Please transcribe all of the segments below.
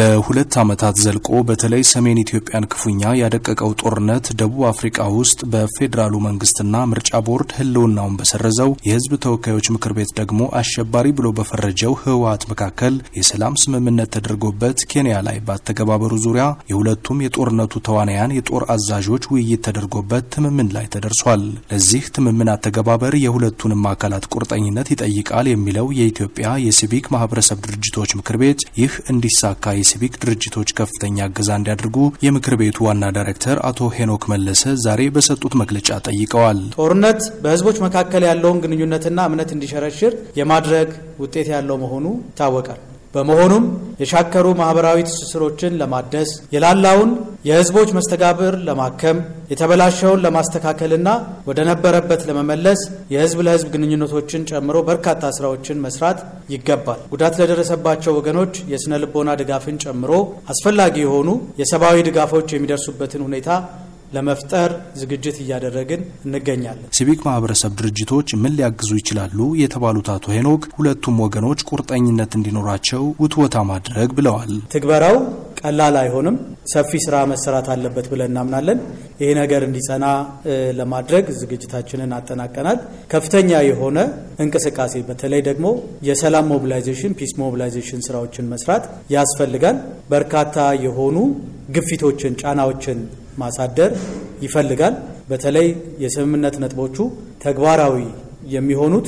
ለሁለት ዓመታት ዘልቆ በተለይ ሰሜን ኢትዮጵያን ክፉኛ ያደቀቀው ጦርነት ደቡብ አፍሪካ ውስጥ በፌዴራሉ መንግስትና ምርጫ ቦርድ ህልውናውን በሰረዘው የህዝብ ተወካዮች ምክር ቤት ደግሞ አሸባሪ ብሎ በፈረጀው ህወሀት መካከል የሰላም ስምምነት ተደርጎበት ኬንያ ላይ በአተገባበሩ ዙሪያ የሁለቱም የጦርነቱ ተዋናያን የጦር አዛዦች ውይይት ተደርጎበት ትምምን ላይ ተደርሷል። ለዚህ ትምምን አተገባበር የሁለቱንም አካላት ቁርጠኝነት ይጠይቃል የሚለው የኢትዮጵያ የሲቪክ ማህበረሰብ ድርጅቶች ምክር ቤት ይህ እንዲሳካ ሲቪክ ድርጅቶች ከፍተኛ እገዛ እንዲያደርጉ የምክር ቤቱ ዋና ዳይሬክተር አቶ ሄኖክ መለሰ ዛሬ በሰጡት መግለጫ ጠይቀዋል። ጦርነት በህዝቦች መካከል ያለውን ግንኙነትና እምነት እንዲሸረሽር የማድረግ ውጤት ያለው መሆኑ ይታወቃል። በመሆኑም የሻከሩ ማህበራዊ ትስስሮችን ለማደስ የላላውን የህዝቦች መስተጋብር ለማከም የተበላሸውን ለማስተካከልና ወደ ነበረበት ለመመለስ የህዝብ ለህዝብ ግንኙነቶችን ጨምሮ በርካታ ስራዎችን መስራት ይገባል። ጉዳት ለደረሰባቸው ወገኖች የስነ ልቦና ድጋፍን ጨምሮ አስፈላጊ የሆኑ የሰብአዊ ድጋፎች የሚደርሱበትን ሁኔታ ለመፍጠር ዝግጅት እያደረግን እንገኛለን። ሲቪክ ማህበረሰብ ድርጅቶች ምን ሊያግዙ ይችላሉ የተባሉት አቶ ሄኖክ ሁለቱም ወገኖች ቁርጠኝነት እንዲኖራቸው ውትወታ ማድረግ ብለዋል። ትግበራው ቀላል አይሆንም፣ ሰፊ ስራ መሰራት አለበት ብለን እናምናለን። ይሄ ነገር እንዲጸና ለማድረግ ዝግጅታችንን አጠናቀናል። ከፍተኛ የሆነ እንቅስቃሴ በተለይ ደግሞ የሰላም ሞቢላይዜሽን፣ ፒስ ሞቢላይዜሽን ስራዎችን መስራት ያስፈልጋል። በርካታ የሆኑ ግፊቶችን፣ ጫናዎችን ማሳደር ይፈልጋል። በተለይ የስምምነት ነጥቦቹ ተግባራዊ የሚሆኑት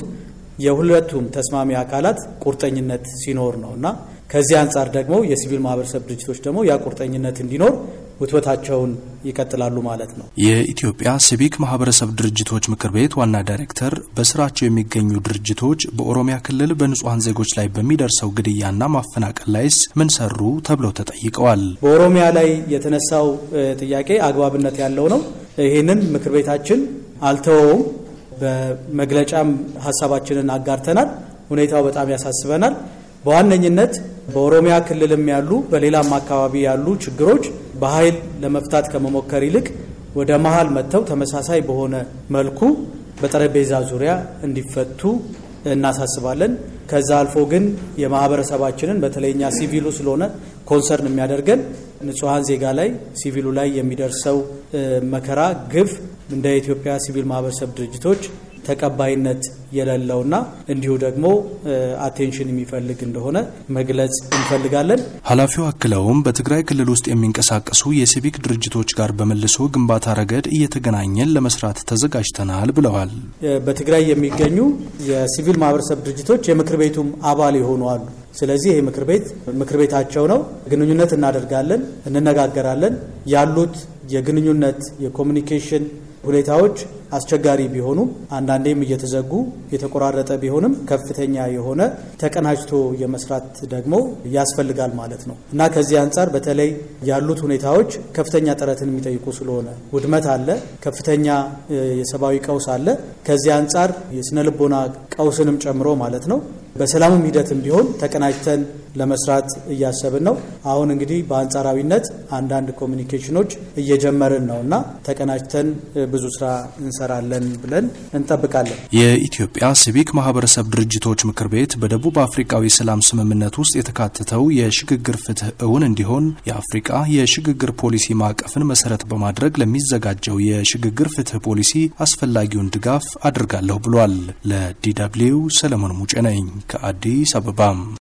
የሁለቱም ተስማሚ አካላት ቁርጠኝነት ሲኖር ነው እና ከዚህ አንጻር ደግሞ የሲቪል ማህበረሰብ ድርጅቶች ደግሞ ያ ቁርጠኝነት እንዲኖር ውትወታቸውን ይቀጥላሉ ማለት ነው። የኢትዮጵያ ሲቪክ ማህበረሰብ ድርጅቶች ምክር ቤት ዋና ዳይሬክተር በስራቸው የሚገኙ ድርጅቶች በኦሮሚያ ክልል በንጹሐን ዜጎች ላይ በሚደርሰው ግድያና ማፈናቀል ላይስ ምን ሰሩ ተብለው ተጠይቀዋል። በኦሮሚያ ላይ የተነሳው ጥያቄ አግባብነት ያለው ነው። ይህንን ምክር ቤታችን አልተወውም። በመግለጫም ሀሳባችንን አጋርተናል። ሁኔታው በጣም ያሳስበናል። በዋነኝነት በኦሮሚያ ክልልም ያሉ በሌላም አካባቢ ያሉ ችግሮች በኃይል ለመፍታት ከመሞከር ይልቅ ወደ መሀል መጥተው ተመሳሳይ በሆነ መልኩ በጠረጴዛ ዙሪያ እንዲፈቱ እናሳስባለን። ከዛ አልፎ ግን የማህበረሰባችንን በተለይኛ ሲቪሉ ስለሆነ ኮንሰርን የሚያደርገን ንጹሐን ዜጋ ላይ ሲቪሉ ላይ የሚደርሰው መከራ፣ ግፍ እንደ ኢትዮጵያ ሲቪል ማህበረሰብ ድርጅቶች ተቀባይነት የሌለውና እንዲሁ ደግሞ አቴንሽን የሚፈልግ እንደሆነ መግለጽ እንፈልጋለን። ኃላፊው አክለውም በትግራይ ክልል ውስጥ የሚንቀሳቀሱ የሲቪክ ድርጅቶች ጋር በመልሶ ግንባታ ረገድ እየተገናኘን ለመስራት ተዘጋጅተናል ብለዋል። በትግራይ የሚገኙ የሲቪል ማህበረሰብ ድርጅቶች የምክር ቤቱም አባል የሆኑ አሉ። ስለዚህ ይህ ምክር ቤት ምክር ቤታቸው ነው። ግንኙነት እናደርጋለን፣ እንነጋገራለን። ያሉት የግንኙነት የኮሚኒኬሽን ሁኔታዎች አስቸጋሪ ቢሆኑም አንዳንዴም እየተዘጉ የተቆራረጠ ቢሆንም ከፍተኛ የሆነ ተቀናጅቶ የመስራት ደግሞ ያስፈልጋል ማለት ነው እና ከዚህ አንጻር በተለይ ያሉት ሁኔታዎች ከፍተኛ ጥረትን የሚጠይቁ ስለሆነ ውድመት አለ፣ ከፍተኛ የሰብአዊ ቀውስ አለ። ከዚህ አንጻር የስነ ልቦና ቀውስንም ጨምሮ ማለት ነው በሰላምም ሂደትም ቢሆን ተቀናጅተን ለመስራት እያሰብን ነው። አሁን እንግዲህ በአንጻራዊነት አንዳንድ ኮሚኒኬሽኖች እየጀመርን ነው እና ተቀናጅተን ብዙ ስራ እንሰራለን ብለን እንጠብቃለን። የኢትዮጵያ ሲቪክ ማህበረሰብ ድርጅቶች ምክር ቤት በደቡብ አፍሪካዊ ሰላም ስምምነት ውስጥ የተካተተው የሽግግር ፍትህ እውን እንዲሆን የአፍሪቃ የሽግግር ፖሊሲ ማዕቀፍን መሰረት በማድረግ ለሚዘጋጀው የሽግግር ፍትህ ፖሊሲ አስፈላጊውን ድጋፍ አድርጋለሁ ብሏል። ለዲ ደብልዩ ሰለሞን ሙጬ ነኝ ከአዲስ አበባ።